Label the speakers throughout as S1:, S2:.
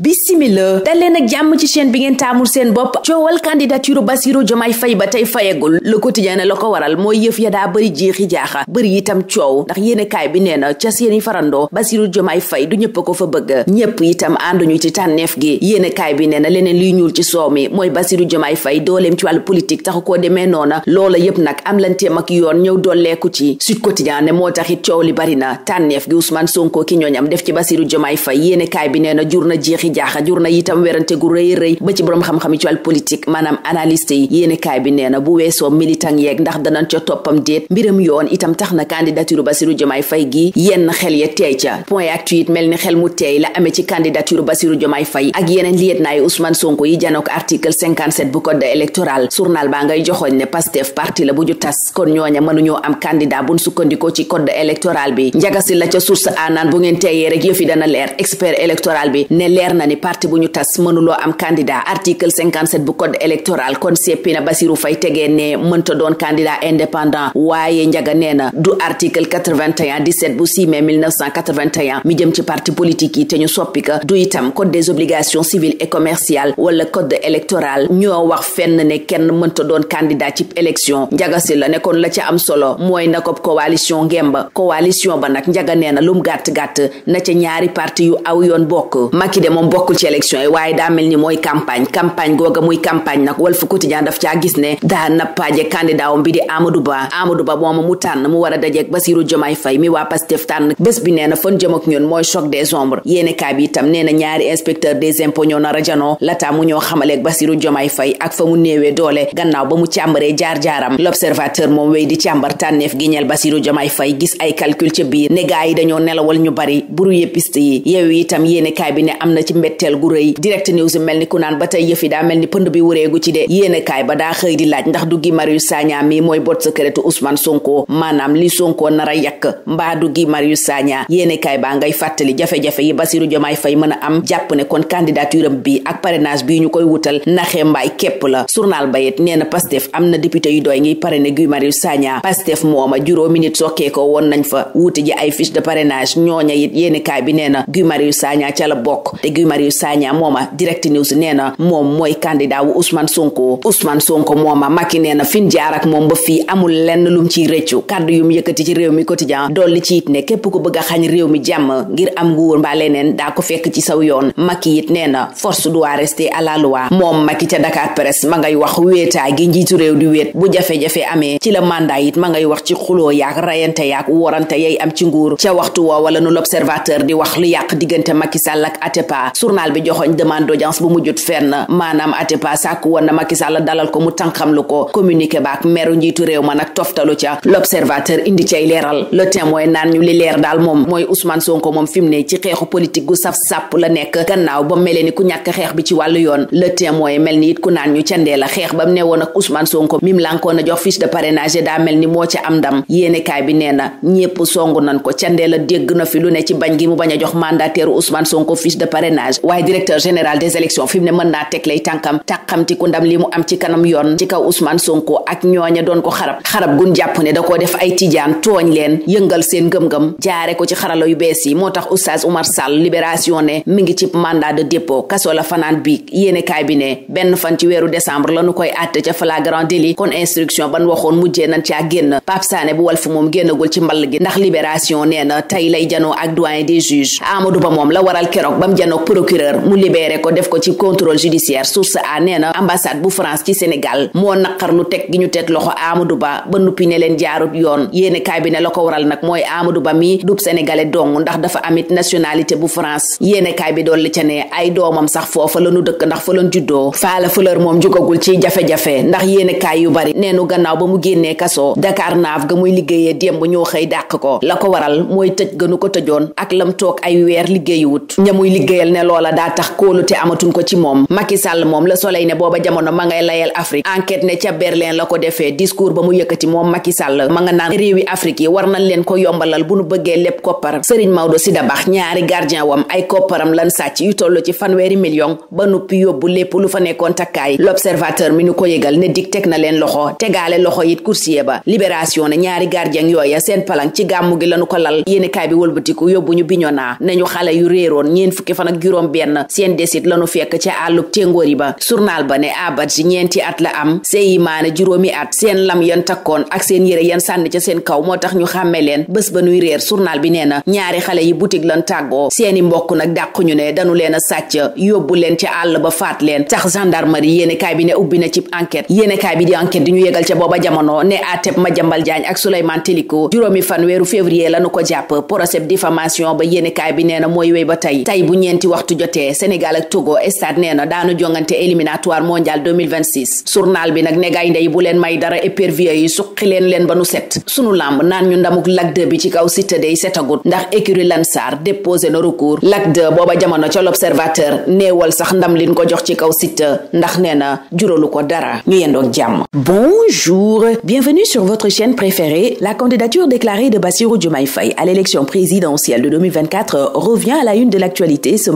S1: bisimila daleen nag jàmm ci seen bi ngeen taamul seen bopp coowal candidature Bassirou Diomaye fay ba tey fayegul lu Quotidien ne la ko waral mooy yëf ya daa bëri yi jaaxa bëri itam coow ndax yéene bi nee na ca seeni farandoo Bassirou Diomaye Faye du ñëpp ko fa bëgg ñépp itam ànduñu ci tànneef gi yéene bi nee na leneen liy ñuul ci soow mi mooy Bassirou Diomaye fay dooleem ci wàllu politique taxu ko demee noona loola yëpp nag am lanteem ak yoon ñëw dolleeku ci Sud Quotidien ne moo taxit coow li bari na tànneef gi Ousmane Sonko ki ñooñam def ci Bassirou Diomaye Faye yéene kaay bi nee na jur na jeex Cheikh Diakha jur na itam werante gu rëy rëy ba ci boroom xam-xam ci wàll politique maanaam analyste yi yéeni kaay bi nee bu weesoo militant yeeg ndax danañ ca toppam déet mbiram yoon itam tax na candidature Bassirou Diomaye Faye gi ak yeneen liet naa yi Ousmane yi janok article bu code électoral journal baa ngay joxoñ ne Pastef parti la bu ju tas kon ñooña mënuñoo am candidat buñ sukkandikoo ci code électoral bi njagasi la ca source aanaan bu ngeen leer na ni parti bu ñu tas mënuloo am candidat article 57 bu code électoral kon seppi na Basirou Faye tegee ne mënta doon candidat indépendant waaye njaga nee na du article 81 17 bu 6 mai 1981 mi jëm ci parti politique yi te ñu soppi ka du itam code des obligations civiles et commerciales wala code électoral ñoo wax fenn ne kenn mënta doon candidat ci élection njaga si la nekkoon la ci am solo mooy na ko coalition ngemba coalition ba nag njaga nee na lum gàtt-gàtt na ca ñaari parti moom bokkul ci élection yi waaye daa mel ni mooy campagne campagne googa muy campagne nag Walf Quotidien daf caa gis ne Ba Amadou Ba mooma mu tànn a na fan jëm ak ñun na ñaari inspecteur a janoo mu ñu bari buru yépiste yi yeewu itam ne am na ci ci mbetteel gu rëy direct news mel ni ku naan ba tey yëfi daa mel ni pënd bi wureegu ci de yéenekaay ba daa xëy di laaj ndax du Guy Marius Sagna mi mooy bot secrétu Ousmane Sonko maanaam li Sonko nar a yàq mbaa du Guy Marius Sagna baa ngay fàttali jafe-jafe yi Bassirou Diomaye Faye mën a am jàpp ne kon candidature am bi ak parrainage ñu koy wutal naxee mbaay képp la journal bayet nee na Pastef am na député yu doy ngiy parrainé Guy Marius Sagna Pastef mooma juróomi nit sokkee ko woon nañ fa wuute ji ay fiche de parrainage ñooña it yéenekaay bi nee na Guy Marius Sagna ca la bokk te Guy Marius Sagna mooma direct news nee na moom mooy candidat wu Ousmane Sonko Ousmane mi quotidien dolli ci it ne a xañ réew mi jàmm ci saw yoon Macky it nee na force doit rester à la loi moom Macky ca Dakar Presse ma ngay wax wéetaay gi njiitu réew di wéet bu jafe-jafe amee ci la mandat it ma ngay wax ci xuloo yaak rayante yaak worante yay am ci nguur ca waxtu woo wala nu l'observateur di wax lu yàq diggante Macky Sall ak Atepa journal bi joxoñ demande d'audience bu mujjut fenn maanaam Atépa sàkk woon na Macky Sall dalal ko mu tànxam lu ko communiqué baak meru njiitu réew ma nag toftalu ca l'observateur indi cay leeral le témoin naan ñu li leer daal moom mooy Ousmane Sonko moom fi mu ne ci xeexu politique gu saf sàpp la nekk gannaaw ba melee ni ku ñàkk xeex bi ci wàllu yoon le témoin mel ni it ku naan ñu candee la xeex bam ne woon ak Ousmane Sonko mim lankoon a jox fiche de parrainage daa mel ni moo ca am ndam yéenekaay bi nee na ñépp songu nan ko candee la dégg na fi lu ne ci bañ gi mu bañ a jox mandataire Ousmane Sonko fiche de parrainage parrainage waaye directeur général des élections fi mu ne mën naa teg lay tànkam tàqamti ku ndam li mu am ci kanam yoon ci kaw Ousmane Sonko ak ñooña doon ko xarab xarab gun jàpp ne da koo def ay tijaan tooñ leen yëngal seen ngëm-ngëm jaare ko ci xarala yu bees yi moo tax oustaz Oumar Sall libération ne mi ngi ci mandat de dépôt kaso la fanaan bi yéene kaay bi ne benn fan ci weeru décembre la nu koy àtte ca flagrant délit kon instruction ban waxoon mujjee nañ caa génn Pape Sané bu Walf moom génnagul ci mball gi ndax libération nee na tey lay janoo ak doyen des juges Amadou Ba procureur mu libéré ko def ko ci contrôle judiciaire source a nee na ambassade bu France ci Sénégal moo naqar lu teg gi ñu teg loxo Amadou Ba ba nuppi ne leen jaarut yoon yéene kaay bi ne la ko waral nag mooy Amadou Ba mi dub sénégalais dong ndax dafa amit nationalité bu France yéene kaay bi dolli ca ne ay doomam sax foofa lanu dëkk ndax fa lan juddoo faala fleur moom jugagul ci jafe-jafe ndax yéene kaay yu bari nee nu gannaaw ba mu génnee kaso Dakar naaf ga muy liggéeyee démb ñoo xëy dàq ko la ko waral mooy tëj gënu ko tëjoon ak lam fàttali ne loola daa tax kóolute amatuñ ko ci moom Macky Sall moom Le Soleil ne booba jamono ma ngay layal Afrique enquête ne ca Berlin la ko defee discours ba mu yëkkati moom Macky Sall ma nga naan réewi Afrique yi war nañ leen ko yombalal bu nu bëggee lépp koppar sëriñ Maodo Sida Bax ñaari gardien wam ay kopparam lan sàcc yu toll ci fanweeri million ba noppi yóbbu lépp lu fa nekkoon takkaay l'observateur mi nu ko yëgal ne dig teg na leen loxo tegaale loxo ba libération ne ñaari gardien yooya ci gàmmu gi lañu ko lal yéeni kaay bi wëlbatiku ak juróom benn seen desit lanu fekk ca àllub yi ba journal ba ne Abadji ñeenti at la am Seyi Maane juróomi at seen lam yan takkoon ak seen yëre yan sànni ca seen kaw moo tax ñu xàmmee leen bës ba nuy réer journal bi nee na ñaari xale yi boutique lan tàggoo seeni mbokk nag dàquñu ne dañu leen a sàcc yóbbu leen ca àll ba faat leen tax gendarmerie yéenekaay bi ne ubbi na ci enquête yéenekaay bi di enquête di ñu yegal ca booba jamono ne ateb Madiambal Diagne ak Souleymane Teliko juróomi fan weeru février lanu ko jàpp procès ba yéenekaay bi nee mooy ba tey waxtu jotee Sénégal ak Togo stade nee na daanu jongante éliminatoire mondial 2026 journal bi nag ne gaynde yi bu leen may dara épervier yi suqi leen leen ba nu set sunu làmb naan ñu ndamuk Lac 2 bi ci kaw Siteu dey setagut ndax écurie Lansar déposé na recours Lac 2 booba jamono ca l'Observateur néewal sax ndam liñ ko jox ci kaw Siteu ndax nee na juralu ko dara ñu yendoog jàmm Bonjour, bienvenue sur votre chaîne préférée. La candidature déclarée de Bassirou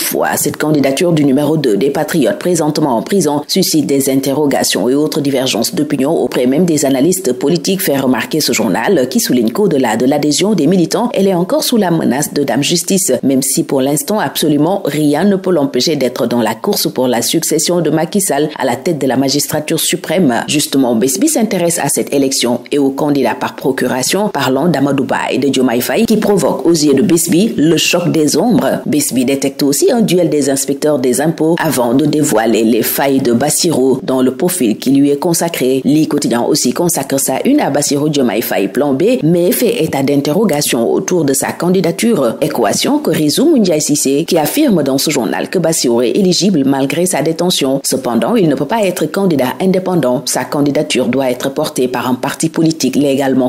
S1: Toutefois, cette candidature du numéro des Patriotes présentement en prison suscite des interrogations et autres divergences d'opinion auprès même des analystes politiques, fait remarquer ce journal qui souligne qu'au-delà de l'adhésion des militants, elle est encore sous la menace de Dame Justice, même si pour l'instant absolument rien ne peut l'empêcher d'être dans la course pour la succession de Macky à la tête de la magistrature suprême. Justement, Besbi un duel des inspecteurs des impôts avant de dévoiler les failles de Bassirou dans le profil qui lui est consacré. Li quotidien aussi consacre sa une à Bassirou Diomaye Faye plan B, mais fait état d'interrogation autour de sa candidature. Équation que résout Mundiaï Sissé, qui affirme dans ce journal que Bassirou est éligible malgré sa détention. Cependant, il ne peut pas être candidat indépendant. Sa candidature doit être portée par un parti politique légalement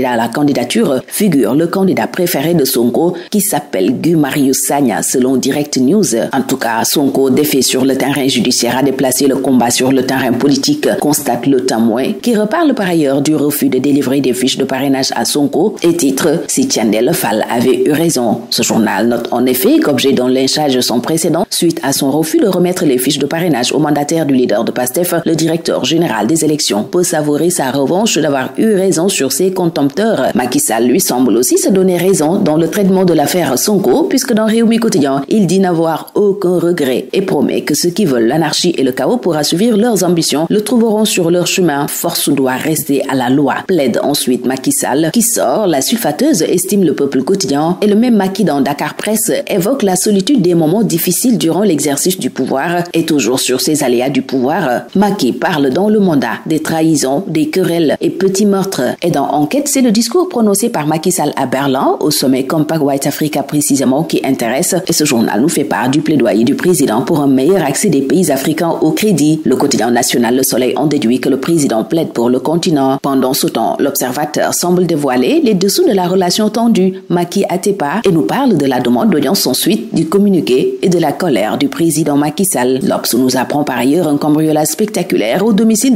S1: candidat à la candidature figure le candidat préféré de Sonko qui s'appelle Gu Marius Sagna selon Direct News. En tout cas, Sonko défait sur le terrain judiciaire a déplacé le combat sur le terrain politique, constate le témoin qui reparle par ailleurs du refus de délivrer des fiches de parrainage à Sonko et titre Si Tiandel Fall avait eu raison. Ce journal note en effet qu'objet d'un lynchage sans précédent suite à son refus de remettre les fiches de parrainage au mandataire du leader de PASTEF, dompteur. Macky Sall lui semble aussi se donner raison dans le traitement de l'affaire Sonko puisque dans Réumi Quotidien, il dit n'avoir aucun regret et promet que ceux qui veulent l'anarchie et le chaos pour assouvir leurs ambitions le trouveront sur leur chemin. Force doit rester à la loi. Plaide ensuite Macky qui sort la sulfateuse estime le peuple quotidien et le même Macky dans Dakar Presse évoque la solitude des moments difficiles durant l'exercice C'est le discours prononcé par Macky Sall à Berlin, au sommet Compact White Africa précisément, qui intéresse et ce journal nous fait part du plaidoyer du président pour un meilleur accès des pays africains au crédit. Le quotidien national Le Soleil en déduit que le président plaide pour le continent. Pendant ce temps, l'observateur semble dévoiler les dessous de la relation tendue Macky Atepa nous apprend par ailleurs un cambriolage spectaculaire au domicile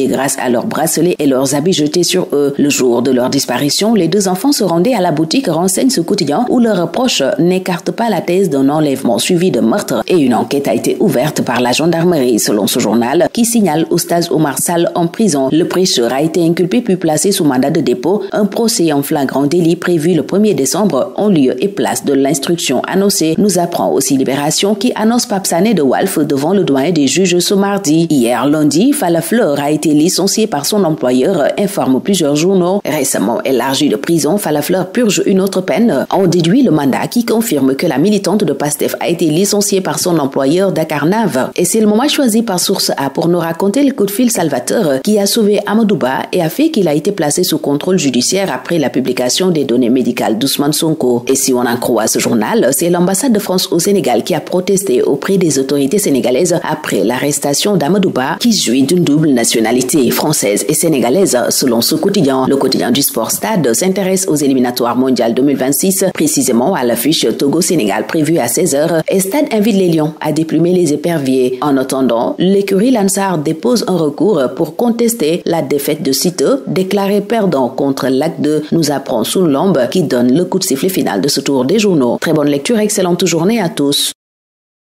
S1: identifiés grâce à leurs bracelets et leurs habits jetés sur eux. Le jour de leur disparition, les deux enfants se rendaient à la boutique renseigne ce quotidien où leurs proches n'écartent pas la thèse d'un enlèvement suivi de meurtre et une enquête a été ouverte par la gendarmerie selon ce journal qui signale Oustaz Omar Sall en prison. Le prêcheur a été inculpé puis placé sous mandat de dépôt, un procès en flagrant délit prévu le er décembre en lieu et place été par son employeur, informe plusieurs journaux. Récemment élargie de prison, Falafleur purge une autre peine. En déduit le mandat qui confirme que la militante de PASTEF a été licenciée par son employeur Dakarnave. Et c'est le moment choisi par Source A pour nous raconter le coup de fil salvateur qui a sauvé Amadouba et a fait qu'il a été placé sous contrôle judiciaire après la publication des données médicales d'Ousmane Sonko. Et si on a protesté nationalités françaises et sénégalaises, selon ce quotidien. Le quotidien du Sport Stade s'intéresse aux éliminatoires mondiales précisément à l'affiche Togo-Sénégal prévue à 16h, et Stade invite les Lions à déplumer les éperviers. En attendant, l'écurie Lansar dépose un recours pour contester la défaite de Site, déclaré perdant contre l'AC 2, nous apprend sous l'ombre qui donne le coup de sifflet final de ce tour des journaux. Très bonne lecture, excellente